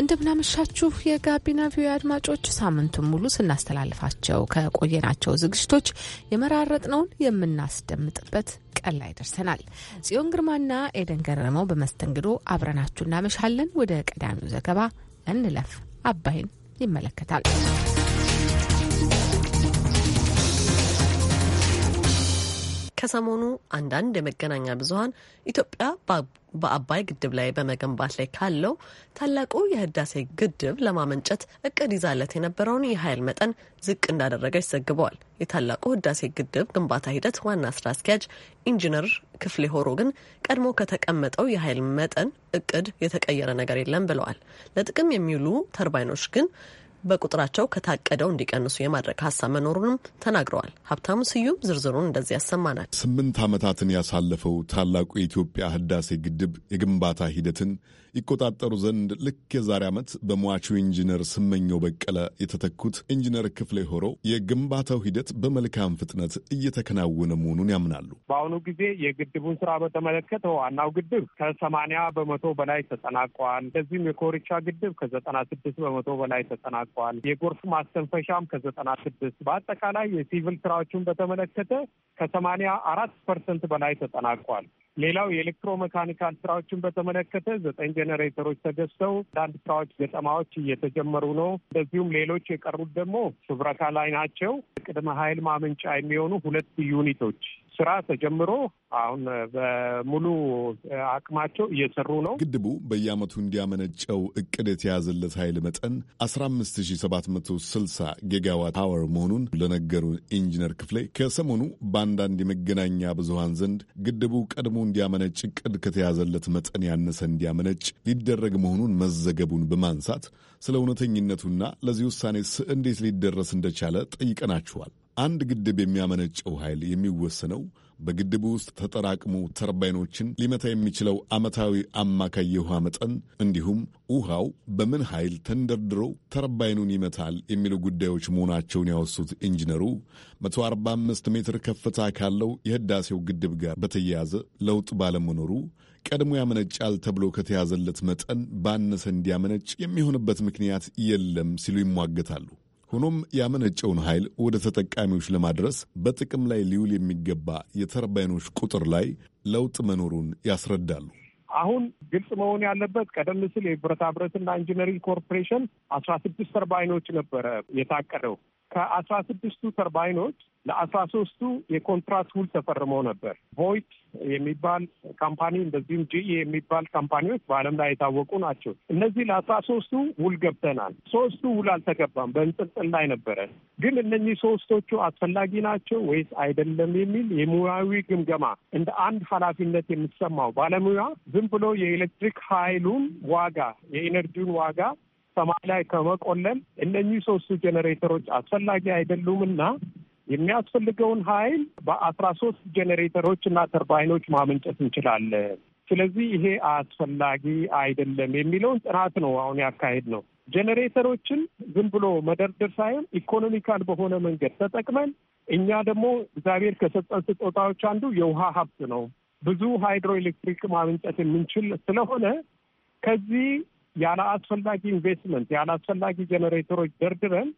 እንደምናመሻችሁ የጋቢና ቪዮ አድማጮች፣ ሳምንቱን ሙሉ ስናስተላልፋቸው ከቆየናቸው ዝግጅቶች የመራረጥነውን የምናስደምጥበት ቀን ላይ ደርሰናል። ጽዮን ግርማና ኤደን ገረመው በመስተንግዶ አብረናችሁ እናመሻለን። ወደ ቀዳሚው ዘገባ እንለፍ። አባይን ይመለከታል። ከሰሞኑ አንዳንድ የመገናኛ ብዙኃን ኢትዮጵያ በአባይ ግድብ ላይ በመገንባት ላይ ካለው ታላቁ የህዳሴ ግድብ ለማመንጨት እቅድ ይዛለት የነበረውን የኃይል መጠን ዝቅ እንዳደረገች ዘግበዋል። የታላቁ ህዳሴ ግድብ ግንባታ ሂደት ዋና ስራ አስኪያጅ ኢንጂነር ክፍሌ ሆሮ ግን ቀድሞ ከተቀመጠው የኃይል መጠን እቅድ የተቀየረ ነገር የለም ብለዋል። ለጥቅም የሚውሉ ተርባይኖች ግን በቁጥራቸው ከታቀደው እንዲቀንሱ የማድረግ ሀሳብ መኖሩንም ተናግረዋል። ሀብታሙ ስዩም ዝርዝሩን እንደዚህ ያሰማናል። ስምንት ዓመታትን ያሳለፈው ታላቁ የኢትዮጵያ ህዳሴ ግድብ የግንባታ ሂደትን ይቆጣጠሩ ዘንድ ልክ የዛሬ ዓመት በሟቹ ኢንጂነር ስመኘው በቀለ የተተኩት ኢንጂነር ክፍሌ ሆሮ የግንባታው ሂደት በመልካም ፍጥነት እየተከናወነ መሆኑን ያምናሉ። በአሁኑ ጊዜ የግድቡን ስራ በተመለከተ ዋናው ግድብ ከሰማንያ በመቶ በላይ ተጠናቋል። እንደዚሁም የኮርቻ ግድብ ከዘጠና ስድስት በመቶ በላይ ተጠናቋል። የጎርፍ ማስተንፈሻም ከዘጠና ስድስት በአጠቃላይ የሲቪል ስራዎችን በተመለከተ ከሰማንያ አራት ፐርሰንት በላይ ተጠናቋል። ሌላው የኤሌክትሮ መካኒካል ስራዎችን በተመለከተ ዘጠኝ ጀኔሬተሮች ተገዝተው አንዳንድ ስራዎች ገጠማዎች እየተጀመሩ ነው። እንደዚሁም ሌሎች የቀሩት ደግሞ ሽብረካ ላይ ናቸው። ቅድመ ኃይል ማመንጫ የሚሆኑ ሁለት ዩኒቶች ስራ ተጀምሮ አሁን በሙሉ አቅማቸው እየሰሩ ነው። ግድቡ በየዓመቱ እንዲያመነጨው እቅድ የተያዘለት ኃይል መጠን 15760 ጌጋዋት አወር መሆኑን ለነገሩ ኢንጂነር ክፍሌ ከሰሞኑ በአንዳንድ የመገናኛ ብዙሃን ዘንድ ግድቡ ቀድሞ እንዲያመነጭ እቅድ ከተያዘለት መጠን ያነሰ እንዲያመነጭ ሊደረግ መሆኑን መዘገቡን በማንሳት ስለ እውነተኝነቱና ለዚህ ውሳኔ እንዴት ሊደረስ እንደቻለ ጠይቀናችኋል። አንድ ግድብ የሚያመነጨው ኃይል የሚወሰነው በግድቡ ውስጥ ተጠራቅሙ ተርባይኖችን ሊመታ የሚችለው ዓመታዊ አማካይ የውሃ መጠን እንዲሁም ውሃው በምን ኃይል ተንደርድሮ ተርባይኑን ይመታል የሚሉ ጉዳዮች መሆናቸውን ያወሱት ኢንጂነሩ 145 ሜትር ከፍታ ካለው የህዳሴው ግድብ ጋር በተያያዘ ለውጥ ባለመኖሩ ቀድሞ ያመነጫል ተብሎ ከተያዘለት መጠን ባነሰ እንዲያመነጭ የሚሆንበት ምክንያት የለም ሲሉ ይሟገታሉ። ሆኖም ያመነጨውን ኃይል ወደ ተጠቃሚዎች ለማድረስ በጥቅም ላይ ሊውል የሚገባ የተርባይኖች ቁጥር ላይ ለውጥ መኖሩን ያስረዳሉ። አሁን ግልጽ መሆን ያለበት ቀደም ሲል የብረታ ብረትና ኢንጂነሪንግ ኮርፖሬሽን አስራ ስድስት ተርባይኖች ነበረ የታቀደው። ከአስራ ስድስቱ ተርባይኖች ለአስራ ሶስቱ የኮንትራት ውል ተፈርመው ነበር። ቮይት የሚባል ካምፓኒ እንደዚሁም ጂ የሚባል ካምፓኒዎች በዓለም ላይ የታወቁ ናቸው። እነዚህ ለአስራ ሶስቱ ውል ገብተናል። ሶስቱ ውል አልተገባም፣ በእንጥልጥል ላይ ነበረ። ግን እነኚህ ሶስቶቹ አስፈላጊ ናቸው ወይስ አይደለም የሚል የሙያዊ ግምገማ እንደ አንድ ኃላፊነት የምትሰማው ባለሙያ ዝም ብሎ የኤሌክትሪክ ኃይሉን ዋጋ የኢነርጂውን ዋጋ ሰማይ ላይ ከመቆለል እነኚህ ሶስቱ ጄኔሬተሮች አስፈላጊ አይደሉም እና የሚያስፈልገውን ኃይል በአስራ ሶስት ጄኔሬተሮች እና ተርባይኖች ማመንጨት እንችላለን። ስለዚህ ይሄ አስፈላጊ አይደለም የሚለውን ጥናት ነው አሁን ያካሄድ ነው። ጄኔሬተሮችን ዝም ብሎ መደርደር ሳይሆን ኢኮኖሚካል በሆነ መንገድ ተጠቅመን እኛ ደግሞ እግዚአብሔር ከሰጠን ስጦታዎች አንዱ የውሃ ሀብት ነው። ብዙ ሃይድሮ ኤሌክትሪክ ማመንጨት የምንችል ስለሆነ ከዚህ ያለ አስፈላጊ ኢንቨስትመንት ያለ አስፈላጊ ጄኔሬተሮች ደርድረን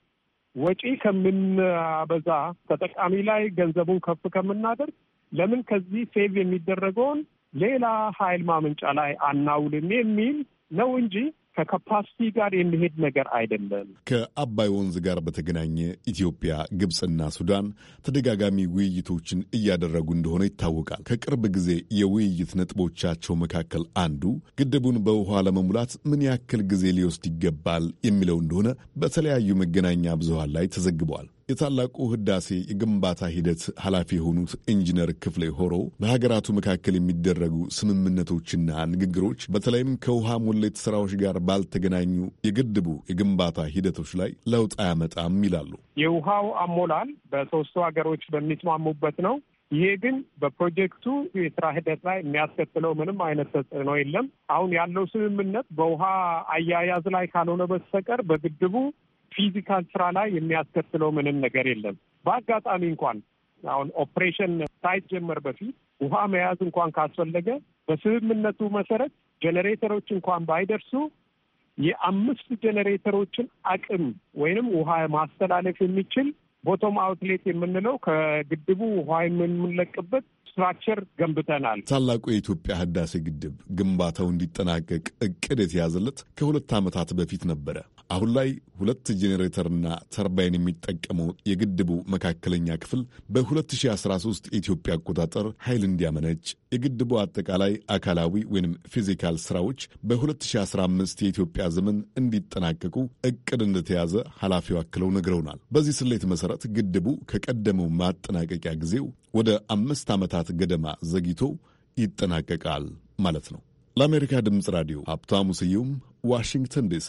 ወጪ ከምናበዛ ተጠቃሚ ላይ ገንዘቡን ከፍ ከምናደርግ ለምን ከዚህ ሴቭ የሚደረገውን ሌላ ኃይል ማመንጫ ላይ አናውልም የሚል ነው እንጂ ከካፓሲቲ ጋር የሚሄድ ነገር አይደለም። ከአባይ ወንዝ ጋር በተገናኘ ኢትዮጵያ፣ ግብፅና ሱዳን ተደጋጋሚ ውይይቶችን እያደረጉ እንደሆነ ይታወቃል። ከቅርብ ጊዜ የውይይት ነጥቦቻቸው መካከል አንዱ ግድቡን በውኃ ለመሙላት ምን ያክል ጊዜ ሊወስድ ይገባል የሚለው እንደሆነ በተለያዩ መገናኛ ብዙሃን ላይ ተዘግቧል። የታላቁ ህዳሴ የግንባታ ሂደት ኃላፊ የሆኑት ኢንጂነር ክፍሌ ሆሮ በሀገራቱ መካከል የሚደረጉ ስምምነቶችና ንግግሮች በተለይም ከውሃ ሙሌት ስራዎች ጋር ባልተገናኙ የግድቡ የግንባታ ሂደቶች ላይ ለውጥ አያመጣም ይላሉ። የውሃው አሞላል በሶስቱ ሀገሮች በሚስማሙበት ነው። ይሄ ግን በፕሮጀክቱ የስራ ሂደት ላይ የሚያስከትለው ምንም አይነት ተጽዕኖ የለም። አሁን ያለው ስምምነት በውሃ አያያዝ ላይ ካልሆነ በስተቀር በግድቡ ፊዚካል ስራ ላይ የሚያስከትለው ምንም ነገር የለም። በአጋጣሚ እንኳን አሁን ኦፕሬሽን ሳይጀመር በፊት ውሃ መያዝ እንኳን ካስፈለገ በስምምነቱ መሰረት ጄኔሬተሮች እንኳን ባይደርሱ የአምስት ጄኔሬተሮችን አቅም ወይንም ውሃ ማስተላለፍ የሚችል ቦቶም አውትሌት የምንለው ከግድቡ ውሃ የምንለቅበት ስትራክቸር ገንብተናል። ታላቁ የኢትዮጵያ ህዳሴ ግድብ ግንባታው እንዲጠናቀቅ እቅድ የተያዘለት ከሁለት ዓመታት በፊት ነበረ። አሁን ላይ ሁለት ጄኔሬተርና ተርባይን የሚጠቀመው የግድቡ መካከለኛ ክፍል በ2013 የኢትዮጵያ አቆጣጠር ኃይል እንዲያመነጭ የግድቡ አጠቃላይ አካላዊ ወይም ፊዚካል ስራዎች በ2015 የኢትዮጵያ ዘመን እንዲጠናቀቁ እቅድ እንደተያዘ ኃላፊው አክለው ነግረውናል። በዚህ ስሌት መሠረት ግድቡ ከቀደመው ማጠናቀቂያ ጊዜው ወደ አምስት ዓመታት ገደማ ዘግይቶ ይጠናቀቃል ማለት ነው። ለአሜሪካ ድምፅ ራዲዮ ሀብታሙ ስዩም ዋሽንግተን ዲሲ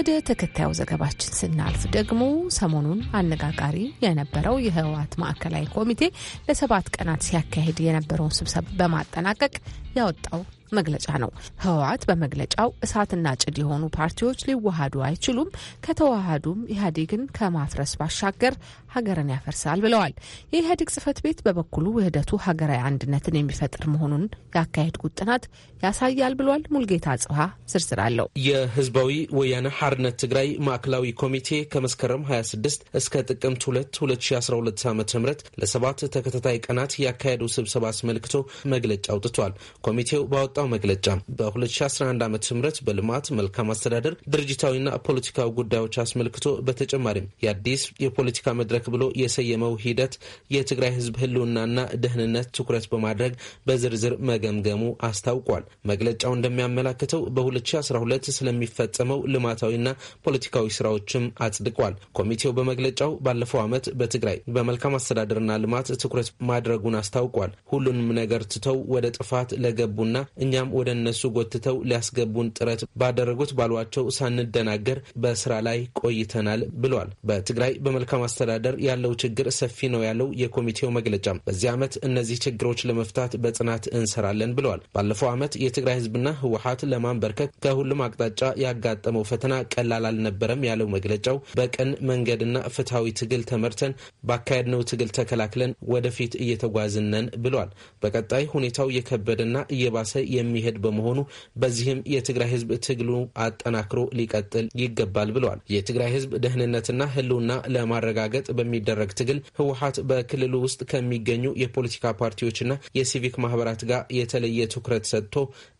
ወደ ተከታዩ ዘገባችን ስናልፍ ደግሞ ሰሞኑን አነጋጋሪ የነበረው የህወሓት ማዕከላዊ ኮሚቴ ለሰባት ቀናት ሲያካሄድ የነበረውን ስብሰባ በማጠናቀቅ ያወጣው መግለጫ ነው። ህወሓት በመግለጫው እሳትና ጭድ የሆኑ ፓርቲዎች ሊዋሃዱ አይችሉም፣ ከተዋሃዱም ኢህአዴግን ከማፍረስ ባሻገር ሀገርን ያፈርሳል ብለዋል። የኢህአዴግ ጽህፈት ቤት በበኩሉ ውህደቱ ሀገራዊ አንድነትን የሚፈጥር መሆኑን ያካሄድኩት ጥናት ያሳያል ብሏል። ሙልጌታ ጽሀ ዝርዝር አለው። የህዝባዊ ወያነ ሀርነት ትግራይ ማዕከላዊ ኮሚቴ ከመስከረም 26 እስከ ጥቅምት 2 2012 ዓ ም ለሰባት ተከታታይ ቀናት ያካሄደው ስብሰባ አስመልክቶ መግለጫ አውጥቷል። ኮሚቴው ባወጣው መግለጫ በ2011 ዓ ም በልማት መልካም አስተዳደር ድርጅታዊና ፖለቲካዊ ጉዳዮች አስመልክቶ በተጨማሪም የአዲስ የፖለቲካ መድረክ ብሎ የሰየመው ሂደት የትግራይ ህዝብ ህልውናና ደህንነት ትኩረት በማድረግ በዝርዝር መገምገሙ አስታውቋል። መግለጫው እንደሚያመላክተው በ2012 ስለሚፈጸመው ልማታዊና ፖለቲካዊ ስራዎችም አጽድቋል። ኮሚቴው በመግለጫው ባለፈው ዓመት በትግራይ በመልካም አስተዳደርና ልማት ትኩረት ማድረጉን አስታውቋል። ሁሉንም ነገር ትተው ወደ ጥፋት ለገቡና እኛም ወደ እነሱ ጎትተው ሊያስገቡን ጥረት ባደረጉት ባሏቸው ሳንደናገር በስራ ላይ ቆይተናል ብሏል። በትግራይ በመልካም አስተዳደር ያለው ችግር ሰፊ ነው ያለው የኮሚቴው መግለጫ በዚህ ዓመት እነዚህ ችግሮች ለመፍታት በጽናት እንሰራለን ብለዋል። ባለፈው ዓመት የትግራይ ህዝብና ህወሀት ለማንበርከት ከሁሉም አቅጣጫ ያጋጠመው ፈተና ቀላል አልነበረም ያለው መግለጫው በቀን መንገድና ፍትሐዊ ትግል ተመርተን ባካሄድነው ትግል ተከላክለን ወደፊት እየተጓዝነን ብሏል። በቀጣይ ሁኔታው የከበደና እየባሰ የሚሄድ በመሆኑ በዚህም የትግራይ ህዝብ ትግሉ አጠናክሮ ሊቀጥል ይገባል ብሏል። የትግራይ ህዝብ ደህንነትና ህልውና ለማረጋገጥ በሚደረግ ትግል ህወሀት በክልሉ ውስጥ ከሚገኙ የፖለቲካ ፓርቲዎችና የሲቪክ ማህበራት ጋር የተለየ ትኩረት ሰጥቶ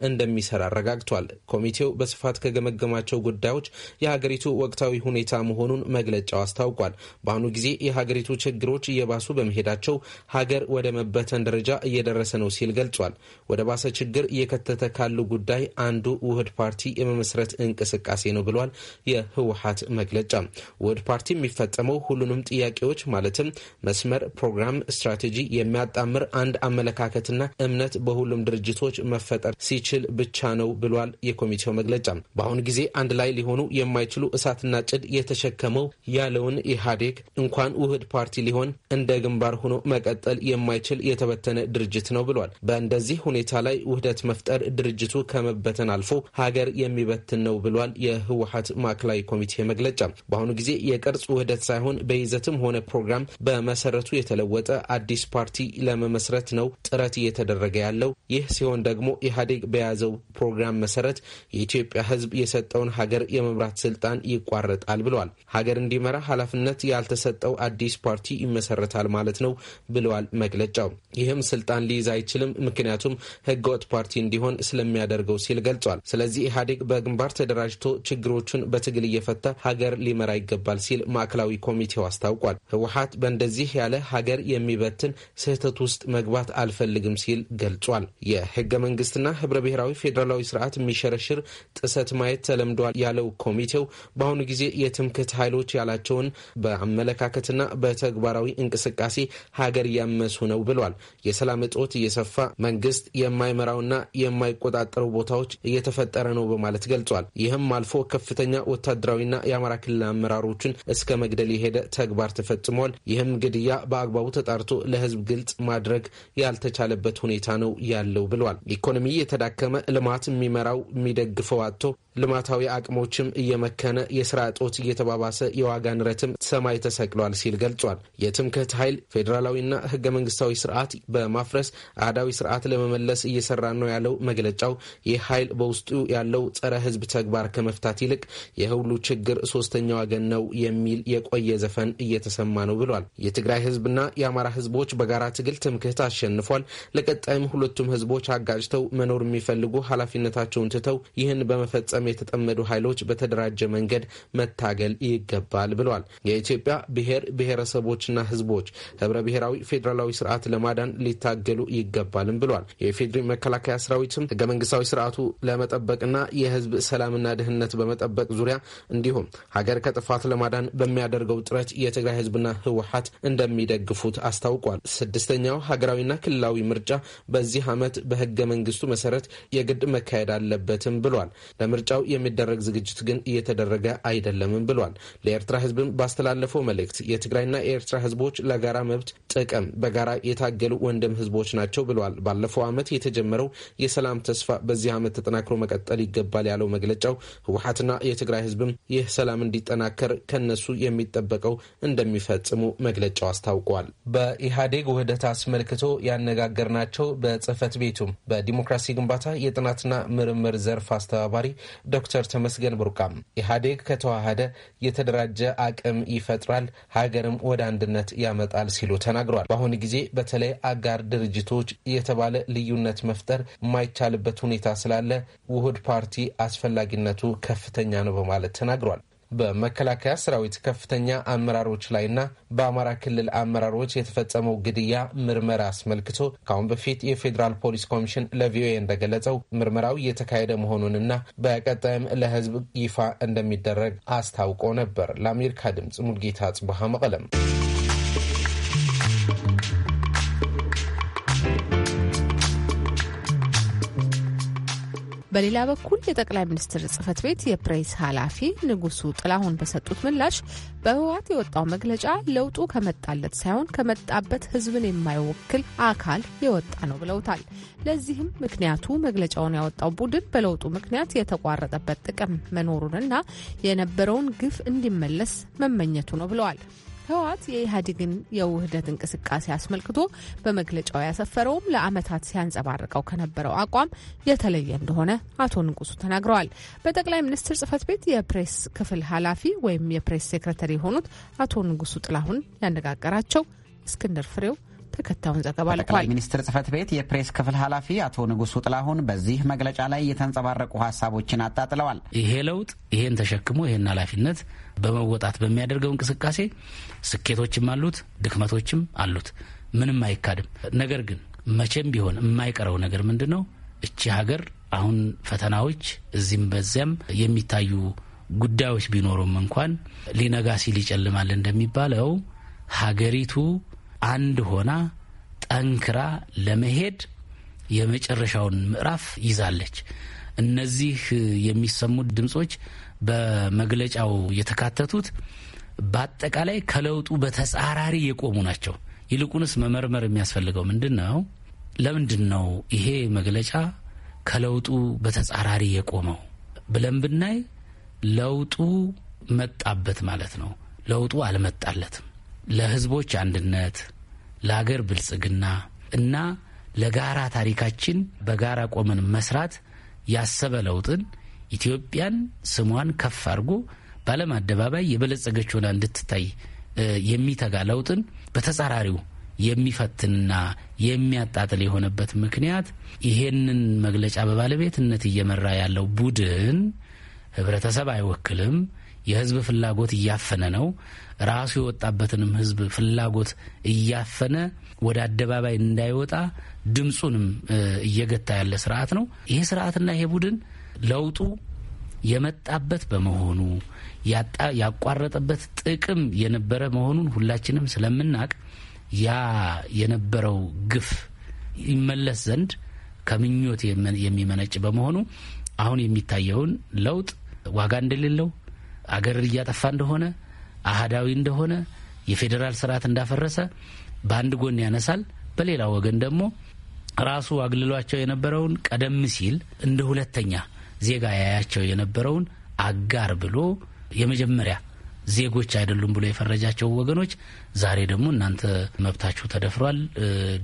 እንደሚሰራ አረጋግቷል። ኮሚቴው በስፋት ከገመገማቸው ጉዳዮች የሀገሪቱ ወቅታዊ ሁኔታ መሆኑን መግለጫው አስታውቋል። በአሁኑ ጊዜ የሀገሪቱ ችግሮች እየባሱ በመሄዳቸው ሀገር ወደ መበተን ደረጃ እየደረሰ ነው ሲል ገልጿል። ወደ ባሰ ችግር እየከተተ ካሉ ጉዳይ አንዱ ውህድ ፓርቲ የመመስረት እንቅስቃሴ ነው ብሏል። የህወሀት መግለጫ ውህድ ፓርቲ የሚፈጸመው ሁሉንም ጥያቄዎች ማለትም መስመር፣ ፕሮግራም፣ ስትራቴጂ የሚያጣምር አንድ አመለካከትና እምነት በሁሉም ድርጅቶች መፈጠር ሲችል ብቻ ነው ብሏል የኮሚቴው መግለጫ። በአሁኑ ጊዜ አንድ ላይ ሊሆኑ የማይችሉ እሳትና ጭድ የተሸከመው ያለውን ኢህአዴግ እንኳን ውህድ ፓርቲ ሊሆን እንደ ግንባር ሆኖ መቀጠል የማይችል የተበተነ ድርጅት ነው ብሏል። በእንደዚህ ሁኔታ ላይ ውህደት መፍጠር ድርጅቱ ከመበተን አልፎ ሀገር የሚበትን ነው ብሏል የህወሀት ማዕከላዊ ኮሚቴ መግለጫ። በአሁኑ ጊዜ የቅርጽ ውህደት ሳይሆን በይዘትም ሆነ ፕሮግራም በመሰረቱ የተለወጠ አዲስ ፓርቲ ለመመስረት ነው ጥረት እየተደረገ ያለው። ይህ ሲሆን ደግሞ ኢህአዴግ ኢህአዴግ በያዘው ፕሮግራም መሰረት የኢትዮጵያ ህዝብ የሰጠውን ሀገር የመምራት ስልጣን ይቋረጣል ብሏል ሀገር እንዲመራ ኃላፊነት ያልተሰጠው አዲስ ፓርቲ ይመሰረታል ማለት ነው ብለዋል መግለጫው። ይህም ስልጣን ሊይዝ አይችልም፣ ምክንያቱም ህገወጥ ፓርቲ እንዲሆን ስለሚያደርገው ሲል ገልጿል። ስለዚህ ኢህአዴግ በግንባር ተደራጅቶ ችግሮቹን በትግል እየፈታ ሀገር ሊመራ ይገባል ሲል ማዕከላዊ ኮሚቴው አስታውቋል። ህወሀት በእንደዚህ ያለ ሀገር የሚበትን ስህተት ውስጥ መግባት አልፈልግም ሲል ገልጿል። የህገ መንግስትና ህብረ ብሔራዊ ፌዴራላዊ ስርዓት የሚሸረሽር ጥሰት ማየት ተለምዷል ያለው ኮሚቴው በአሁኑ ጊዜ የትምክህት ኃይሎች ያላቸውን በአመለካከትና በተግባራዊ እንቅስቃሴ ሀገር ያመሱ ነው ብሏል። የሰላም እጦት እየሰፋ መንግስት የማይመራውና የማይቆጣጠሩ ቦታዎች እየተፈጠረ ነው በማለት ገልጿል። ይህም አልፎ ከፍተኛ ወታደራዊና የአማራ ክልል አመራሮችን እስከ መግደል የሄደ ተግባር ተፈጽሟል። ይህም ግድያ በአግባቡ ተጣርቶ ለህዝብ ግልጽ ማድረግ ያልተቻለበት ሁኔታ ነው ያለው ብሏል። ኢኮኖሚ የተዳከመ ልማት የሚመራው የሚደግፈው አቶ ልማታዊ አቅሞችም እየመከነ የስራ እጦት እየተባባሰ የዋጋ ንረትም ሰማይ ተሰቅሏል ሲል ገልጿል። የትምክህት ኃይል ፌዴራላዊና ህገ መንግስታዊ ስርዓት በማፍረስ አህዳዊ ስርዓት ለመመለስ እየሰራ ነው ያለው መግለጫው ይህ ኃይል በውስጡ ያለው ጸረ ህዝብ ተግባር ከመፍታት ይልቅ የሁሉ ችግር ሶስተኛ ወገን ነው የሚል የቆየ ዘፈን እየተሰማ ነው ብሏል። የትግራይ ህዝብና የአማራ ህዝቦች በጋራ ትግል ትምክህት አሸንፏል። ለቀጣይም ሁለቱም ህዝቦች አጋጭተው መኖር የሚፈልጉ ኃላፊነታቸውን ትተው ይህን በመፈጸም ለመፈጸም የተጠመዱ ኃይሎች በተደራጀ መንገድ መታገል ይገባል ብሏል። የኢትዮጵያ ብሔር ብሔረሰቦችና ህዝቦች ህብረ ብሔራዊ ፌዴራላዊ ስርዓት ለማዳን ሊታገሉ ይገባልም ብሏል። የፌዴሪ መከላከያ ሰራዊትም ህገ መንግስታዊ ስርዓቱ ለመጠበቅና የህዝብ ሰላምና ደህንነት በመጠበቅ ዙሪያ እንዲሁም ሀገር ከጥፋት ለማዳን በሚያደርገው ጥረት የትግራይ ህዝብና ህወሀት እንደሚደግፉት አስታውቋል። ስድስተኛው ሀገራዊና ክልላዊ ምርጫ በዚህ ዓመት በህገ መንግስቱ መሰረት የግድ መካሄድ አለበትም ብሏል። ለምርጫ ለምርጫው የሚደረግ ዝግጅት ግን እየተደረገ አይደለምም ብሏል። ለኤርትራ ህዝብም ባስተላለፈው መልእክት የትግራይና የኤርትራ ህዝቦች ለጋራ መብት ጥቅም በጋራ የታገሉ ወንድም ህዝቦች ናቸው ብሏል ባለፈው ዓመት የተጀመረው የሰላም ተስፋ በዚህ ዓመት ተጠናክሮ መቀጠል ይገባል ያለው መግለጫው ህወሓትና የትግራይ ህዝብም ይህ ሰላም እንዲጠናከር ከነሱ የሚጠበቀው እንደሚፈጽሙ መግለጫው አስታውቋል። በኢህአዴግ ውህደት አስመልክቶ ያነጋገርናቸው በጽህፈት ቤቱም በዲሞክራሲ ግንባታ የጥናትና ምርምር ዘርፍ አስተባባሪ ዶክተር ተመስገን ብሩቃም ኢህአዴግ ከተዋሃደ የተደራጀ አቅም ይፈጥራል፣ ሀገርም ወደ አንድነት ያመጣል ሲሉ ተናግሯል። በአሁኑ ጊዜ በተለይ አጋር ድርጅቶች የተባለ ልዩነት መፍጠር የማይቻልበት ሁኔታ ስላለ ውህድ ፓርቲ አስፈላጊነቱ ከፍተኛ ነው በማለት ተናግሯል። በመከላከያ ሰራዊት ከፍተኛ አመራሮች ላይና በአማራ ክልል አመራሮች የተፈጸመው ግድያ ምርመራ አስመልክቶ ከአሁን በፊት የፌዴራል ፖሊስ ኮሚሽን ለቪኦኤ እንደገለጸው ምርመራው እየተካሄደ መሆኑንና በቀጣይም ለሕዝብ ይፋ እንደሚደረግ አስታውቆ ነበር። ለአሜሪካ ድምፅ ሙልጌታ ጽቡሃ መቀለም በሌላ በኩል የጠቅላይ ሚኒስትር ጽህፈት ቤት የፕሬስ ኃላፊ ንጉሱ ጥላሁን በሰጡት ምላሽ በህወሓት የወጣው መግለጫ ለውጡ ከመጣለት ሳይሆን ከመጣበት ህዝብን የማይወክል አካል የወጣ ነው ብለውታል። ለዚህም ምክንያቱ መግለጫውን ያወጣው ቡድን በለውጡ ምክንያት የተቋረጠበት ጥቅም መኖሩንና የነበረውን ግፍ እንዲመለስ መመኘቱ ነው ብለዋል። ህወሓት የኢህአዴግን የውህደት እንቅስቃሴ አስመልክቶ በመግለጫው ያሰፈረውም ለአመታት ሲያንጸባርቀው ከነበረው አቋም የተለየ እንደሆነ አቶ ንጉሱ ተናግረዋል። በጠቅላይ ሚኒስትር ጽህፈት ቤት የፕሬስ ክፍል ኃላፊ ወይም የፕሬስ ሴክረተሪ የሆኑት አቶ ንጉሱ ጥላሁን ያነጋገራቸው እስክንድር ፍሬው ተከታዩን ዘገባ ልኳል። ጠቅላይ ሚኒስትር ጽህፈት ቤት የፕሬስ ክፍል ኃላፊ አቶ ንጉሱ ጥላሁን በዚህ መግለጫ ላይ የተንጸባረቁ ሀሳቦችን አጣጥለዋል። ይሄ ለውጥ ይሄን ተሸክሞ ይሄን ኃላፊነት በመወጣት በሚያደርገው እንቅስቃሴ ስኬቶችም አሉት፣ ድክመቶችም አሉት። ምንም አይካድም። ነገር ግን መቼም ቢሆን የማይቀረው ነገር ምንድን ነው? እቺ ሀገር አሁን ፈተናዎች እዚህም በዚያም የሚታዩ ጉዳዮች ቢኖሩም እንኳን ሊነጋ ሲል ይጨልማል እንደሚባለው ሀገሪቱ አንድ ሆና ጠንክራ ለመሄድ የመጨረሻውን ምዕራፍ ይዛለች። እነዚህ የሚሰሙት ድምጾች በመግለጫው የተካተቱት በአጠቃላይ ከለውጡ በተጻራሪ የቆሙ ናቸው። ይልቁንስ መመርመር የሚያስፈልገው ምንድን ነው? ለምንድን ነው ይሄ መግለጫ ከለውጡ በተጻራሪ የቆመው ብለን ብናይ ለውጡ መጣበት ማለት ነው። ለውጡ አልመጣለትም። ለህዝቦች አንድነት፣ ለሀገር ብልጽግና እና ለጋራ ታሪካችን በጋራ ቆመን መስራት ያሰበ ለውጥን ኢትዮጵያን ስሟን ከፍ አድርጎ በዓለም አደባባይ የበለጸገች ሆና እንድትታይ የሚተጋ ለውጥን በተጻራሪው የሚፈትንና የሚያጣጥል የሆነበት ምክንያት ይሄንን መግለጫ በባለቤትነት እየመራ ያለው ቡድን ህብረተሰብ አይወክልም፣ የህዝብ ፍላጎት እያፈነ ነው፣ ራሱ የወጣበትንም ህዝብ ፍላጎት እያፈነ ወደ አደባባይ እንዳይወጣ ድምፁንም እየገታ ያለ ስርዓት ነው። ይሄ ስርዓትና ይሄ ቡድን ለውጡ የመጣበት በመሆኑ ያቋረጠበት ጥቅም የነበረ መሆኑን ሁላችንም ስለምናቅ ያ የነበረው ግፍ ይመለስ ዘንድ ከምኞት የሚመነጭ በመሆኑ አሁን የሚታየውን ለውጥ ዋጋ እንደሌለው አገር እያጠፋ እንደሆነ አህዳዊ እንደሆነ የፌዴራል ስርዓት እንዳፈረሰ በአንድ ጎን ያነሳል። በሌላ ወገን ደግሞ ራሱ አግልሏቸው የነበረውን ቀደም ሲል እንደ ሁለተኛ ዜጋ ያያቸው የነበረውን አጋር ብሎ የመጀመሪያ ዜጎች አይደሉም ብሎ የፈረጃቸው ወገኖች ዛሬ ደግሞ እናንተ መብታችሁ ተደፍሯል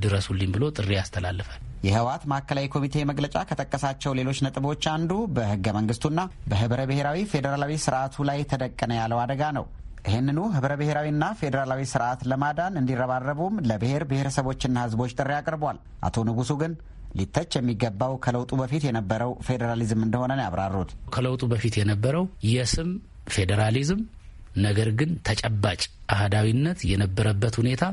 ድረሱልኝ ብሎ ጥሪ ያስተላልፋል። የህወሓት ማዕከላዊ ኮሚቴ መግለጫ ከጠቀሳቸው ሌሎች ነጥቦች አንዱ በህገ መንግስቱና በህብረ ብሔራዊ ፌዴራላዊ ስርዓቱ ላይ ተደቀነ ያለው አደጋ ነው። ይህንኑ ህብረ ብሔራዊና ፌዴራላዊ ስርዓት ለማዳን እንዲረባረቡም ለብሔር ብሔረሰቦችና ህዝቦች ጥሪ አቅርቧል። አቶ ንጉሱ ግን ሊተች የሚገባው ከለውጡ በፊት የነበረው ፌዴራሊዝም እንደሆነ ነው ያብራሩት። ከለውጡ በፊት የነበረው የስም ፌዴራሊዝም ነገር ግን ተጨባጭ አህዳዊነት የነበረበት ሁኔታ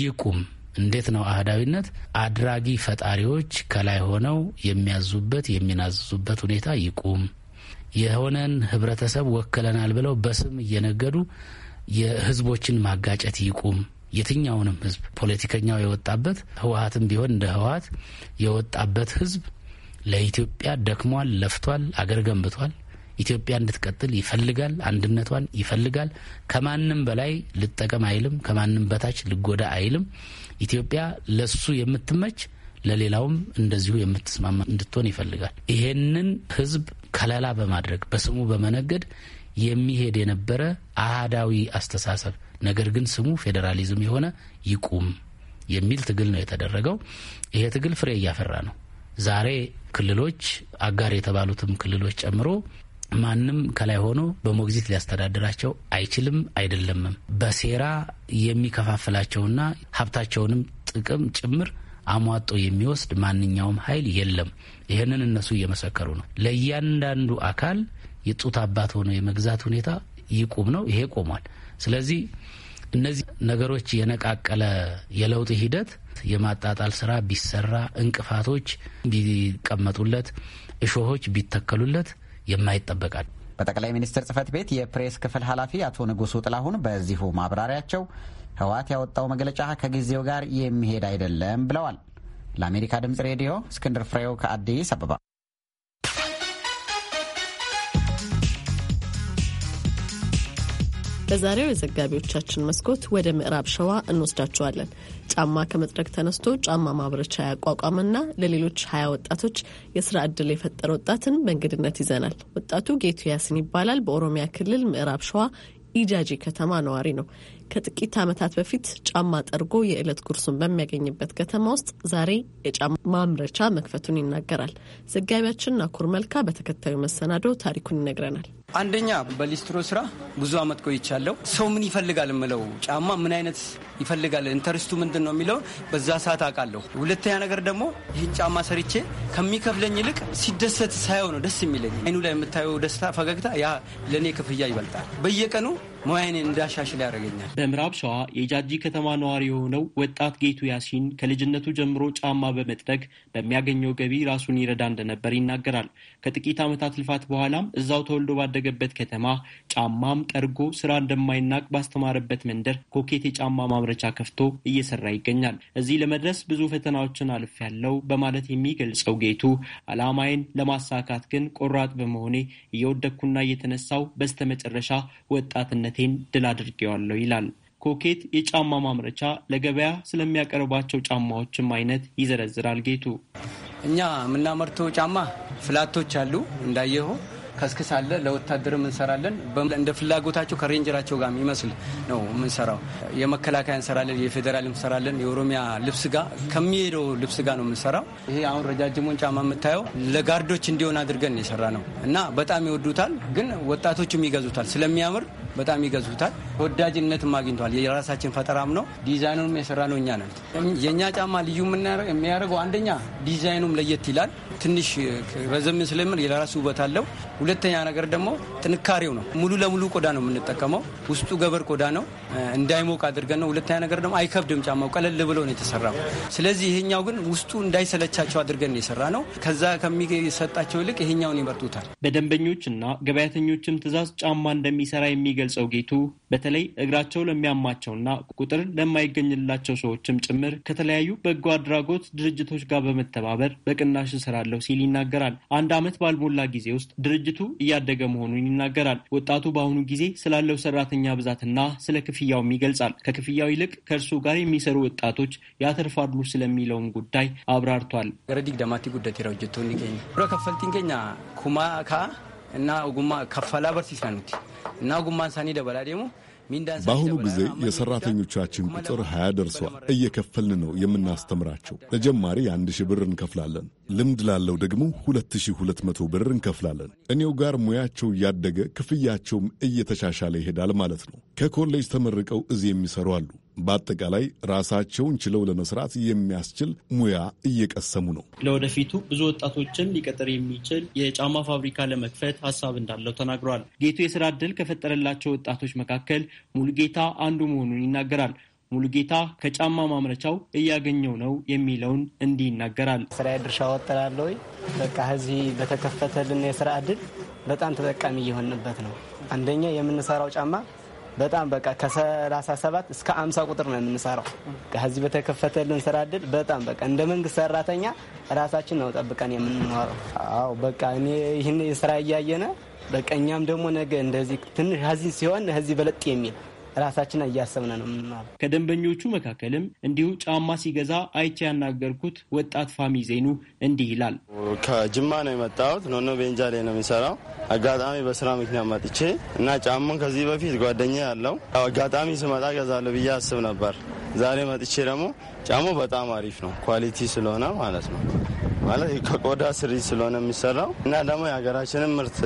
ይቁም። እንዴት ነው አህዳዊነት አድራጊ ፈጣሪዎች ከላይ ሆነው የሚያዙበት የሚናዝዙበት ሁኔታ ይቁም። የሆነን ህብረተሰብ ወክለናል ብለው በስም እየነገዱ የህዝቦችን ማጋጨት ይቁም። የትኛውንም ህዝብ ፖለቲከኛው የወጣበት ህወሀትም ቢሆን እንደ ህወሀት የወጣበት ህዝብ ለኢትዮጵያ ደክሟል፣ ለፍቷል፣ አገር ገንብቷል። ኢትዮጵያ እንድትቀጥል ይፈልጋል። አንድነቷን ይፈልጋል። ከማንም በላይ ልጠቀም አይልም። ከማንም በታች ልጎዳ አይልም። ኢትዮጵያ ለሱ የምትመች ለሌላውም እንደዚሁ የምትስማማ እንድትሆን ይፈልጋል። ይሄንን ህዝብ ከለላ በማድረግ በስሙ በመነገድ የሚሄድ የነበረ አህዳዊ አስተሳሰብ ነገር ግን ስሙ ፌዴራሊዝም የሆነ ይቁም የሚል ትግል ነው የተደረገው። ይሄ ትግል ፍሬ እያፈራ ነው። ዛሬ ክልሎች አጋር የተባሉትም ክልሎች ጨምሮ ማንም ከላይ ሆኖ በሞግዚት ሊያስተዳድራቸው አይችልም አይደለምም። በሴራ የሚከፋፍላቸውና ሀብታቸውንም ጥቅም ጭምር አሟጦ የሚወስድ ማንኛውም ኃይል የለም። ይህንን እነሱ እየመሰከሩ ነው። ለእያንዳንዱ አካል የጡት አባት ሆኖ የመግዛት ሁኔታ ይቁም ነው። ይሄ ቆሟል። ስለዚህ እነዚህ ነገሮች የነቃቀለ የለውጥ ሂደት የማጣጣል ስራ ቢሰራ፣ እንቅፋቶች ቢቀመጡለት፣ እሾሆች ቢተከሉለት የማይጠበቃል። በጠቅላይ ሚኒስትር ጽህፈት ቤት የፕሬስ ክፍል ኃላፊ አቶ ንጉሱ ጥላሁን በዚሁ ማብራሪያቸው ህወሓት ያወጣው መግለጫ ከጊዜው ጋር የሚሄድ አይደለም ብለዋል። ለአሜሪካ ድምፅ ሬዲዮ እስክንድር ፍሬው ከአዲስ አበባ። በዛሬው የዘጋቢዎቻችን መስኮት ወደ ምዕራብ ሸዋ እንወስዳችኋለን። ጫማ ከመጥረግ ተነስቶ ጫማ ማምረቻ ያቋቋመና ለሌሎች ሀያ ወጣቶች የስራ እድል የፈጠረ ወጣትን በእንግድነት ይዘናል። ወጣቱ ጌቱ ያስን ይባላል። በኦሮሚያ ክልል ምዕራብ ሸዋ ኢጃጂ ከተማ ነዋሪ ነው። ከጥቂት ዓመታት በፊት ጫማ ጠርጎ የዕለት ጉርሱን በሚያገኝበት ከተማ ውስጥ ዛሬ የጫማ ማምረቻ መክፈቱን ይናገራል። ዘጋቢያችን ናኩር መልካ በተከታዩ መሰናዶ ታሪኩን ይነግረናል። አንደኛ በሊስትሮ ስራ ብዙ አመት ቆይቻለሁ። ሰው ምን ይፈልጋል የምለው ጫማ ምን አይነት ይፈልጋል ኢንተርስቱ ምንድን ነው የሚለውን በዛ ሰዓት አውቃለሁ። ሁለተኛ ነገር ደግሞ ይህን ጫማ ሰርቼ ከሚከፍለኝ ይልቅ ሲደሰት ሳየው ነው ደስ የሚለኝ። አይኑ ላይ የምታየው ደስታ፣ ፈገግታ ያ ለእኔ ክፍያ ይበልጣል። በየቀኑ ሙያዬን እንዳሻሽል ያደርገኛል። በምዕራብ ሸዋ የጃጂ ከተማ ነዋሪ የሆነው ወጣት ጌቱ ያሲን ከልጅነቱ ጀምሮ ጫማ በመጥረግ በሚያገኘው ገቢ ራሱን ይረዳ እንደነበር ይናገራል። ከጥቂት ዓመታት ልፋት በኋላም እዛው ተወልዶ ባደ ባደገበት ከተማ ጫማም ጠርጎ ስራ እንደማይናቅ ባስተማረበት መንደር ኮኬት የጫማ ማምረቻ ከፍቶ እየሰራ ይገኛል። እዚህ ለመድረስ ብዙ ፈተናዎችን አልፍ ያለው በማለት የሚገልጸው ጌቱ አላማይን ለማሳካት ግን ቆራጥ በመሆኔ እየወደኩና እየተነሳው በስተመጨረሻ ወጣትነቴን ድል አድርጌዋለሁ ይላል። ኮኬት የጫማ ማምረቻ ለገበያ ስለሚያቀርባቸው ጫማዎችም አይነት ይዘረዝራል ጌቱ። እኛ የምናመርተው ጫማ ፍላቶች አሉ እንዳየኸው ከስክስ አለ፣ ለወታደርም እንሰራለን። እንደ ፍላጎታቸው ከሬንጀራቸው ጋር የሚመስል ነው የምንሰራው። የመከላከያ እንሰራለን፣ የፌዴራል እንሰራለን። የኦሮሚያ ልብስ ጋር ከሚሄደው ልብስ ጋር ነው የምንሰራው። ይሄ አሁን ረጃጅሙን ጫማ የምታየው ለጋርዶች እንዲሆን አድርገን የሰራ ነው እና በጣም ይወዱታል፣ ግን ወጣቶችም ይገዙታል ስለሚያምር በጣም ይገዙታል። ተወዳጅነትም አግኝቷል። የራሳችን ፈጠራም ነው። ዲዛይኑም የሰራ ነው እኛ ነን። የእኛ ጫማ ልዩ የሚያደርገው አንደኛ ዲዛይኑም ለየት ይላል። ትንሽ ረዘም ስለሚል የራሱ ውበት አለው። ሁለተኛ ነገር ደግሞ ጥንካሬው ነው። ሙሉ ለሙሉ ቆዳ ነው የምንጠቀመው። ውስጡ ገበር ቆዳ ነው እንዳይሞቅ አድርገን ነው። ሁለተኛ ነገር ደግሞ አይከብድም። ጫማው ቀለል ብሎ ነው የተሰራው። ስለዚህ ይሄኛው ግን ውስጡ እንዳይሰለቻቸው አድርገን ነው የሰራ ነው። ከዛ ከሚሰጣቸው ይልቅ ይሄኛውን ይመርጡታል። እና ገበያተኞችም ትዕዛዝ ጫማ እንደሚሰራ የሚ የሚገልጸው ጌቱ በተለይ እግራቸው ለሚያማቸውና ቁጥር ለማይገኝላቸው ሰዎችም ጭምር ከተለያዩ በጎ አድራጎት ድርጅቶች ጋር በመተባበር በቅናሽ እሰራለሁ ሲል ይናገራል። አንድ ዓመት ባልሞላ ጊዜ ውስጥ ድርጅቱ እያደገ መሆኑን ይናገራል። ወጣቱ በአሁኑ ጊዜ ስላለው ሰራተኛ ብዛትና ስለ ክፍያውም ይገልጻል። ከክፍያው ይልቅ ከእርሱ ጋር የሚሰሩ ወጣቶች ያተርፋሉ ስለሚለውም ጉዳይ አብራርቷል። ረዲግ ደማቲ ጉደት ረጅቶ ገኛ ብረ ከፈልቲ ገኛ ኩማ ካ እና ጉማ ከፈላ በርሲሳ ኑቲ በአሁኑ ጊዜ የሰራተኞቻችን ቁጥር ሀያ ደርሷል። እየከፈልን ነው የምናስተምራቸው። ለጀማሪ አንድ ሺህ ብር እንከፍላለን። ልምድ ላለው ደግሞ ሁለት ሺህ ሁለት መቶ ብር እንከፍላለን። እኔው ጋር ሙያቸው እያደገ ክፍያቸውም እየተሻሻለ ይሄዳል ማለት ነው። ከኮሌጅ ተመርቀው እዚህ የሚሰሩ አሉ። በአጠቃላይ ራሳቸውን ችለው ለመስራት የሚያስችል ሙያ እየቀሰሙ ነው። ለወደፊቱ ብዙ ወጣቶችን ሊቀጥር የሚችል የጫማ ፋብሪካ ለመክፈት ሀሳብ እንዳለው ተናግሯል። ጌቱ የስራ እድል ከፈጠረላቸው ወጣቶች መካከል ሙሉጌታ አንዱ መሆኑን ይናገራል። ሙሉጌታ ከጫማ ማምረቻው እያገኘው ነው የሚለውን እንዲህ ይናገራል። ስራ ድርሻ ወጥላለሁ። በቃ እዚህ በተከፈተልን የስራ ድል በጣም ተጠቃሚ እየሆንበት ነው። አንደኛ የምንሰራው ጫማ በጣም በቃ ከ37 እስከ 50 ቁጥር ነው የምንሰራው። ከዚህ በተከፈተልን ስራ እድል በጣም በቃ እንደ መንግስት ሰራተኛ ራሳችን ነው ጠብቀን የምንኖረው። አዎ በቃ እኔ ይህን ስራ እያየነ በቃ እኛም ደግሞ ነገ እንደዚህ ትንሽ ሀዚን ሲሆን ከዚህ በለጥ የሚል ራሳችን እያሰብነ ነው። ከደንበኞቹ መካከልም እንዲሁ ጫማ ሲገዛ አይቼ ያናገርኩት ወጣት ፋሚ ዜኑ እንዲህ ይላል። ከጅማ ነው የመጣሁት። ኖኖ ቤንጃ ላይ ነው የሚሰራው። አጋጣሚ በስራ ምክንያት መጥቼ እና ጫማን ከዚህ በፊት ጓደኛ ያለው አጋጣሚ ስመጣ ገዛለሁ ብዬ አስብ ነበር። ዛሬ መጥቼ ደግሞ ጫማው በጣም አሪፍ ነው፣ ኳሊቲ ስለሆነ ማለት ነው ማለት ከቆዳ ስሪ ስለሆነ የሚሰራው እና ደግሞ የሀገራችንን ምርት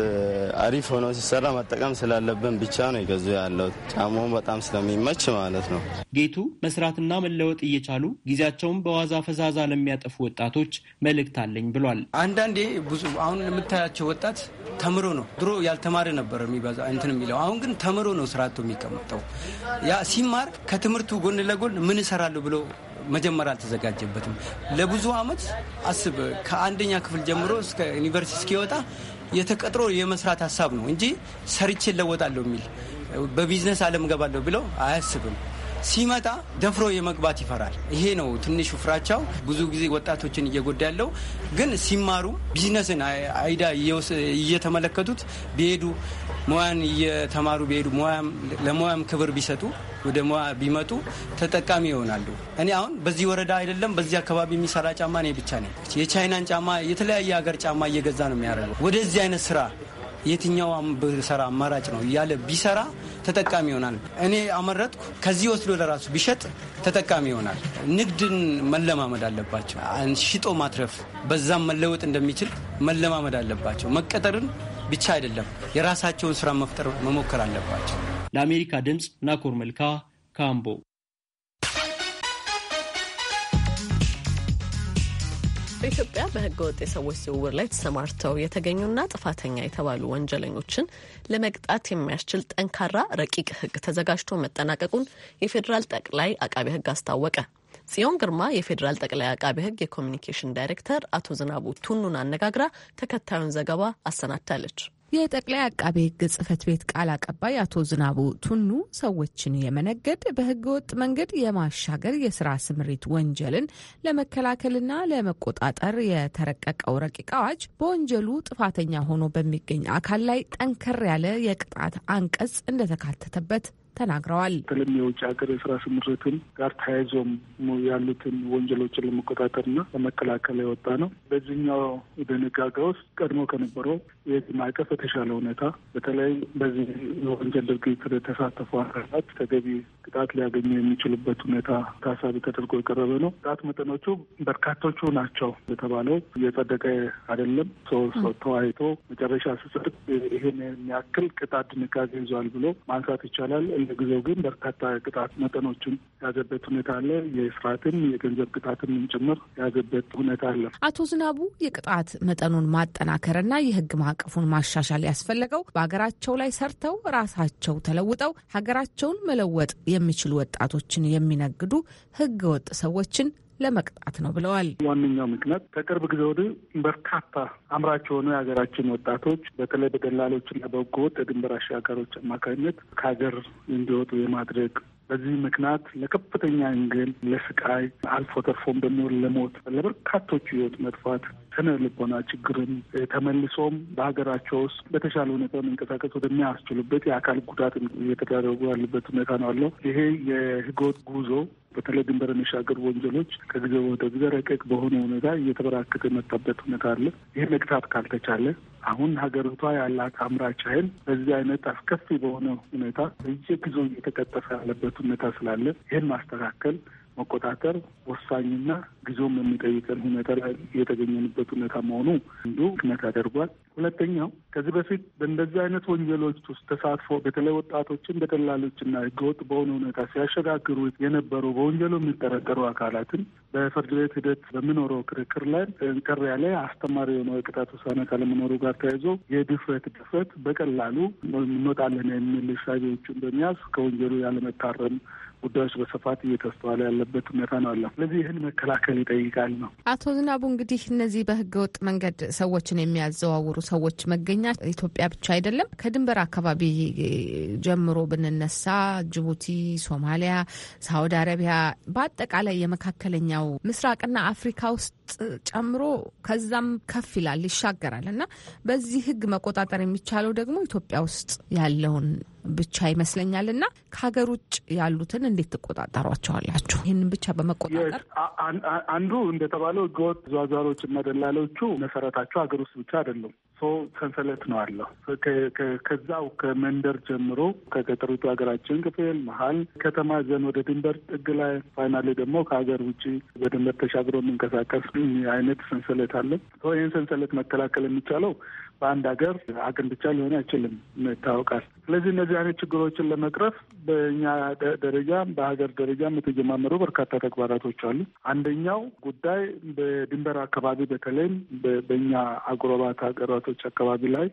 አሪፍ ሆኖ ሲሰራ መጠቀም ስላለብን ብቻ ነው የገዙ ያለው ጫማውን በጣም ስለሚመች ማለት ነው። ጌቱ መስራትና መለወጥ እየቻሉ ጊዜያቸውን በዋዛ ፈዛዛ ለሚያጠፉ ወጣቶች መልእክት አለኝ ብሏል። አንዳንዴ ብዙ አሁን የምታያቸው ወጣት ተምሮ ነው። ድሮ ያልተማረ ነበር የሚበዛ እንትን የሚለው አሁን ግን ተምሮ ነው ስርዓቱ የሚቀመጠው። ያ ሲማር ከትምህርቱ ጎን ለጎን ምን እሰራለሁ ብሎ መጀመሪያ አልተዘጋጀበትም። ለብዙ ዓመት አስብ ከአንደኛ ክፍል ጀምሮ እስከ ዩኒቨርሲቲ እስኪወጣ የተቀጥሮ የመስራት ሀሳብ ነው እንጂ ሰርቼ ለወጣለሁ የሚል በቢዝነስ አለም ገባለሁ ብለው አያስብም። ሲመጣ ደፍሮ የመግባት ይፈራል። ይሄ ነው ትንሹ ፍራቻው ብዙ ጊዜ ወጣቶችን እየጎዳ ያለው። ግን ሲማሩ ቢዝነስን አይዳ እየተመለከቱት ቢሄዱ ሙያን እየተማሩ ቢሄዱ ለሙያም ክብር ቢሰጡ ወደ ሙያ ቢመጡ ተጠቃሚ ይሆናሉ። እኔ አሁን በዚህ ወረዳ አይደለም በዚህ አካባቢ የሚሰራ ጫማ እኔ ብቻ ነኝ። የቻይናን ጫማ፣ የተለያየ ሀገር ጫማ እየገዛ ነው የሚያደርገው። ወደዚህ አይነት ስራ የትኛው ብሰራ አማራጭ ነው እያለ ቢሰራ ተጠቃሚ ይሆናል። እኔ አመረጥኩ ከዚህ ወስዶ ለራሱ ቢሸጥ ተጠቃሚ ይሆናል። ንግድን መለማመድ አለባቸው። ሽጦ ማትረፍ በዛም መለወጥ እንደሚችል መለማመድ አለባቸው። መቀጠርን ብቻ አይደለም፣ የራሳቸውን ስራ መፍጠር መሞከር አለባቸው። ለአሜሪካ ድምፅ ናኮር መልካ ካምቦ በኢትዮጵያ በህገ ወጥ የሰዎች ዝውውር ላይ ተሰማርተው የተገኙና ጥፋተኛ የተባሉ ወንጀለኞችን ለመቅጣት የሚያስችል ጠንካራ ረቂቅ ህግ ተዘጋጅቶ መጠናቀቁን የፌዴራል ጠቅላይ አቃቢ ህግ አስታወቀ። ጽዮን ግርማ የፌዴራል ጠቅላይ አቃቢ ህግ የኮሚኒኬሽን ዳይሬክተር አቶ ዝናቡ ቱኑን አነጋግራ ተከታዩን ዘገባ አሰናድታለች። የጠቅላይ አቃቤ ሕግ ጽህፈት ቤት ቃል አቀባይ አቶ ዝናቡ ቱኑ ሰዎችን የመነገድ በህገወጥ መንገድ የማሻገር የስራ ስምሪት ወንጀልን ለመከላከልና ለመቆጣጠር የተረቀቀው ረቂቅ አዋጅ በወንጀሉ ጥፋተኛ ሆኖ በሚገኝ አካል ላይ ጠንከር ያለ የቅጣት አንቀጽ እንደተካተተበት ተናግረዋል። በተለይም የውጭ ሀገር የስራ ስምሪትን ጋር ተያይዞም ያሉትን ወንጀሎችን ለመቆጣጠርና ለመከላከል የወጣ ነው። በዚህኛው ድንጋጌ ውስጥ ቀድሞ ከነበረው የህግ ማዕቀፍ የተሻለ ሁኔታ በተለይ በዚህ የወንጀል ድርጊት የተሳተፉ አካላት ተገቢ ቅጣት ሊያገኙ የሚችሉበት ሁኔታ ታሳቢ ተደርጎ የቀረበ ነው። ቅጣት መጠኖቹ በርካቶቹ ናቸው የተባለው እየጸደቀ አይደለም። ሰው ተወያይቶ መጨረሻ ስጸድቅ ይህን የሚያክል ቅጣት ድንጋጌ ይዟል ብሎ ማንሳት ይቻላል። ለጊዜው ግን በርካታ ቅጣት መጠኖችን የያዘበት ሁኔታ አለ። የስርዓትም የገንዘብ ቅጣትም ጭምር የያዘበት ሁኔታ አለ። አቶ ዝናቡ የቅጣት መጠኑን ማጠናከርና የህግ ማዕቀፉን ማሻሻል ያስፈለገው በሀገራቸው ላይ ሰርተው ራሳቸው ተለውጠው ሀገራቸውን መለወጥ የሚችሉ ወጣቶችን የሚነግዱ ህገ ወጥ ሰዎችን ለመቅጣት ነው ብለዋል። ዋነኛው ምክንያት ከቅርብ ጊዜ ወዲህ በርካታ አምራች የሆኑ የሀገራችን ወጣቶች በተለይ በደላሎችና በህገወጥ የድንበር አሻጋሮች አማካኝነት ከሀገር እንዲወጡ የማድረግ በዚህ ምክንያት ለከፍተኛ እንግል፣ ለስቃይ አልፎ ተርፎም ደግሞ ለሞት ለበርካቶች ህይወት መጥፋት ስነ ልቦና ችግርን ተመልሶም በሀገራቸው ውስጥ በተሻለ ሁኔታ መንቀሳቀስ ወደሚያስችሉበት የአካል ጉዳት እየተደረጉ ያሉበት ሁኔታ ነው አለው። ይሄ የህገወጥ ጉዞ በተለይ ድንበር የሚሻገር ወንጀሎች ከጊዜ ወደ ጊዜ ረቀቅ በሆነ ሁኔታ እየተበራከተ የመጣበት ሁኔታ አለ። ይህ መግታት ካልተቻለ አሁን ሀገሪቷ ያላት አምራች ኃይል በዚህ አይነት አስከፊ በሆነ ሁኔታ በየጊዜው እየተቀጠፈ ያለበት ሁኔታ ስላለ ይህን ማስተካከል መቆጣጠር ወሳኝና ጊዜውም የሚጠይቀን ሁኔታ ላይ የተገኘንበት ሁኔታ መሆኑ እንዱ ምክንያት ያደርጓል። ሁለተኛው ከዚህ በፊት በእንደዚህ አይነት ወንጀሎች ውስጥ ተሳትፎ በተለይ ወጣቶችን በደላሎችና ህገወጥ በሆነ ሁኔታ ሲያሸጋግሩ የነበሩ በወንጀሉ የሚጠረጠሩ አካላትን በፍርድ ቤት ሂደት በሚኖረው ክርክር ላይ ጠንከር ያለ አስተማሪ የሆነ የቅጣት ውሳኔ ካለመኖሩ ጋር ተያይዞ የድፍረት ድፍረት በቀላሉ እንወጣለን የሚል እሳቤዎችን በሚያዝ ከወንጀሉ ያለመታረም ጉዳዮች በስፋት እየተስተዋለ ያለበት ሁኔታ ነው አለ። ስለዚህ ይህን መከላከል ይጠይቃል ነው። አቶ ዝናቡ እንግዲህ እነዚህ በህገወጥ መንገድ ሰዎችን የሚያዘዋውሩ ሰዎች መገኛ ኢትዮጵያ ብቻ አይደለም። ከድንበር አካባቢ ጀምሮ ብንነሳ ጅቡቲ፣ ሶማሊያ፣ ሳውዲ አረቢያ በአጠቃላይ የመካከለኛው ምስራቅና አፍሪካ ውስጥ ጨምሮ ከዛም ከፍ ይላል ይሻገራል እና በዚህ ህግ መቆጣጠር የሚቻለው ደግሞ ኢትዮጵያ ውስጥ ያለውን ብቻ ይመስለኛል። እና ከሀገር ውጭ ያሉትን እንዴት ትቆጣጠሯቸዋላችሁ? ይህንን ብቻ በመቆጣጠር አንዱ እንደተባለው ህገወጥ ዟዟሮች እና ደላሎቹ መሰረታቸው ሀገር ውስጥ ብቻ አይደለም። ሰንሰለት ነው አለው። ከዛው ከመንደር ጀምሮ ከገጠሪቱ ሀገራችን ክፍል መሀል ከተማ ዘን ወደ ድንበር ጥግ ላይ ፋይናሌ ደግሞ ከሀገር ውጭ በድንበር ተሻግሮ የሚንቀሳቀስ አይነት ሰንሰለት አለ። ይህን ሰንሰለት መከላከል የሚቻለው በአንድ ሀገር አቅም ብቻ ሊሆን አይችልም፣ ይታወቃል። ስለዚህ እነዚህ አይነት ችግሮችን ለመቅረፍ በእኛ ደረጃ በሀገር ደረጃ የተጀማመሩ በርካታ ተግባራቶች አሉ። አንደኛው ጉዳይ በድንበር አካባቢ በተለይም በእኛ አጎራባት ሀገራቶች አካባቢ ላይ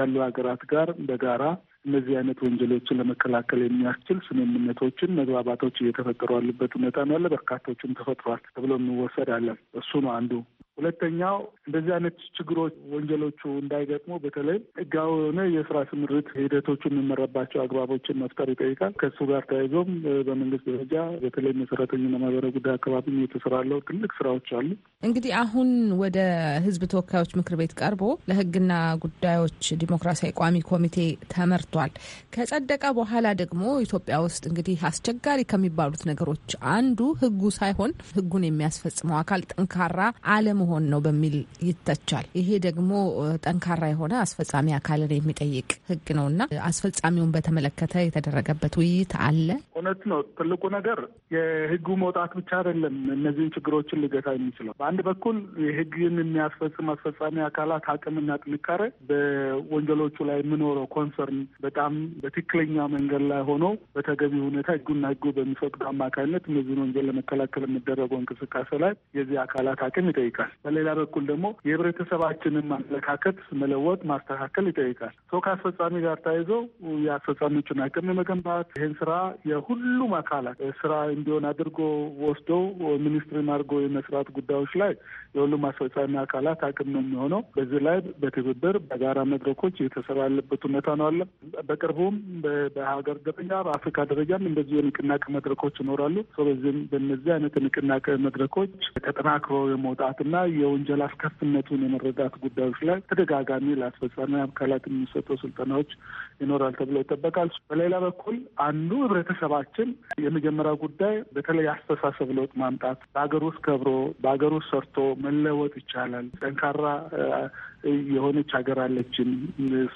ያሉ ሀገራት ጋር በጋራ እነዚህ አይነት ወንጀሎችን ለመከላከል የሚያስችል ስምምነቶችን፣ መግባባቶች እየተፈጠሩ ያሉበት ሁኔታ ነው ያለ። በርካቶችም ተፈጥሯል ተብሎ የሚወሰድ አለ። እሱ ነው አንዱ። ሁለተኛው እንደዚህ አይነት ችግሮች ወንጀሎቹ እንዳይገጥሙ በተለይ ህጋዊ የሆነ የስራ ስምሪት ሂደቶቹ የሚመረባቸው አግባቦችን መፍጠር ይጠይቃል። ከእሱ ጋር ተያይዞም በመንግስት ደረጃ በተለይ የሰራተኛና ማህበራዊ ጉዳይ አካባቢ የተሰራለው ትልቅ ስራዎች አሉ። እንግዲህ አሁን ወደ ህዝብ ተወካዮች ምክር ቤት ቀርቦ ለህግና ጉዳዮች ዲሞክራሲያዊ ቋሚ ኮሚቴ ተመርቶ ተሰጥቷል። ከጸደቀ በኋላ ደግሞ ኢትዮጵያ ውስጥ እንግዲህ አስቸጋሪ ከሚባሉት ነገሮች አንዱ ህጉ ሳይሆን ህጉን የሚያስፈጽመው አካል ጠንካራ አለመሆን ነው በሚል ይተቻል። ይሄ ደግሞ ጠንካራ የሆነ አስፈጻሚ አካልን የሚጠይቅ ህግ ነው እና አስፈጻሚውን በተመለከተ የተደረገበት ውይይት አለ። እውነት ነው። ትልቁ ነገር የህጉ መውጣት ብቻ አይደለም እነዚህን ችግሮችን ልገታ የሚችለው። በአንድ በኩል የህግን የሚያስፈጽም አስፈጻሚ አካላት አቅምና ጥንካሬ በወንጀሎቹ ላይ የምኖረው ኮንሰርን በጣም በትክክለኛ መንገድ ላይ ሆኖ በተገቢ ሁኔታ ህጉና ህጉ በሚፈቅዱ አማካኝነት እነዚህን ወንጀል ለመከላከል የሚደረገው እንቅስቃሴ ላይ የዚህ አካላት አቅም ይጠይቃል። በሌላ በኩል ደግሞ የህብረተሰባችንን ማመለካከት መለወጥ፣ ማስተካከል ይጠይቃል። ሰው ከአስፈጻሚ ጋር ተያይዞ የአስፈጻሚዎችን አቅም የመገንባት ይህን ስራ የሁሉም አካላት ስራ እንዲሆን አድርጎ ወስዶ ሚኒስትሪን አድርጎ የመስራት ጉዳዮች ላይ የሁሉም አስፈጻሚ አካላት አቅም ነው የሚሆነው። በዚህ ላይ በትብብር በጋራ መድረኮች እየተሰራ ያለበት ሁኔታ ነው አለ። በቅርቡም በሀገር ደረጃ በአፍሪካ ደረጃም እንደዚሁ የንቅናቄ መድረኮች ይኖራሉ። በዚህም በነዚህ አይነት የንቅናቄ መድረኮች ተጠናክሮ የመውጣትና የወንጀል አስከፍነቱን የመረዳት ጉዳዮች ላይ ተደጋጋሚ ለአስፈጻሚ አካላት የሚሰጠው ስልጠናዎች ይኖራል ተብሎ ይጠበቃል። በሌላ በኩል አንዱ ህብረተሰባችን የመጀመሪያ ጉዳይ በተለይ አስተሳሰብ ለውጥ ማምጣት በሀገር ውስጥ ከብሮ በሀገር ውስጥ ሰርቶ መለወጥ ይቻላል ጠንካራ የሆነች ሀገር አለችን።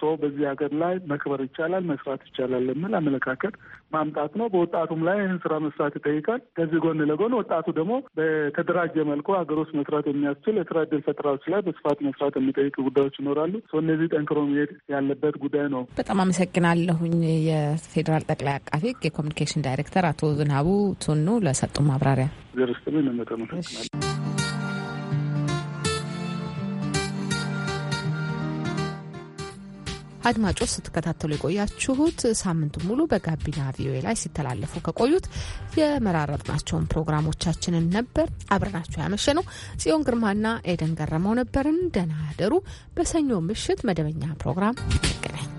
ሰው በዚህ ሀገር ላይ መክበር ይቻላል፣ መስራት ይቻላል የሚል አመለካከት ማምጣት ነው። በወጣቱም ላይ ይህን ስራ መስራት ይጠይቃል። ከዚህ ጎን ለጎን ወጣቱ ደግሞ በተደራጀ መልኩ ሀገር ውስጥ መስራት የሚያስችል የስራ እድል ፈጠራዎች ላይ በስፋት መስራት የሚጠይቅ ጉዳዮች ይኖራሉ። ሰው እነዚህ ጠንክሮ መሄድ ያለበት ጉዳይ ነው። በጣም አመሰግናለሁኝ። የፌዴራል ጠቅላይ አቃፊ የኮሚኒኬሽን ዳይሬክተር አቶ ዝናቡ ቱኑ ለሰጡ ማብራሪያ ዘርስትምን መጠ አድማጮች ስትከታተሉ የቆያችሁት ሳምንቱ ሙሉ በጋቢና ቪኦኤ ላይ ሲተላለፉ ከቆዩት የመራረጥናቸውን ፕሮግራሞቻችንን ነበር። አብረናችሁ ያመሸ ነው ጽዮን ግርማና ኤደን ገረመው ነበርን። ደህና ደሩ። በሰኞ ምሽት መደበኛ ፕሮግራም ይገናኝ።